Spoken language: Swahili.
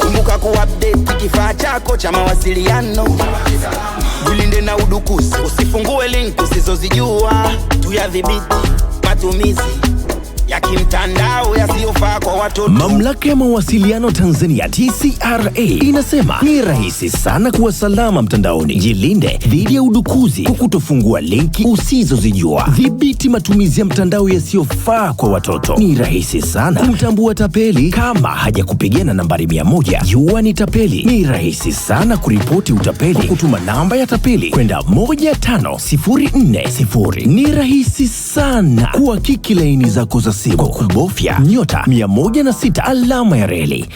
Kumbuka kuupdate kifaa chako cha mawasiliano, jilinde na udukusi usifungue link usizozijua, tuyadhibiti matumizi ya kimtandao yasiyofaa kwa watoto. Mamlaka ya mawasiliano Tanzania TCRA inasema ni rahisi sana kuwa salama mtandaoni. Jilinde dhidi ya udukuzi kwa kutofungua linki usizozijua. Dhibiti matumizi ya mtandao yasiyofaa kwa watoto. Ni rahisi sana kumtambua tapeli kama hajakupigia na nambari mia moja. Jua ni tapeli. Ni rahisi sana kuripoti utapeli kwa kutuma namba ya tapeli kwenda 15040. Ni rahisi sana kuhakiki laini zako za simu kwa kubofya nyota 106 alama ya reli.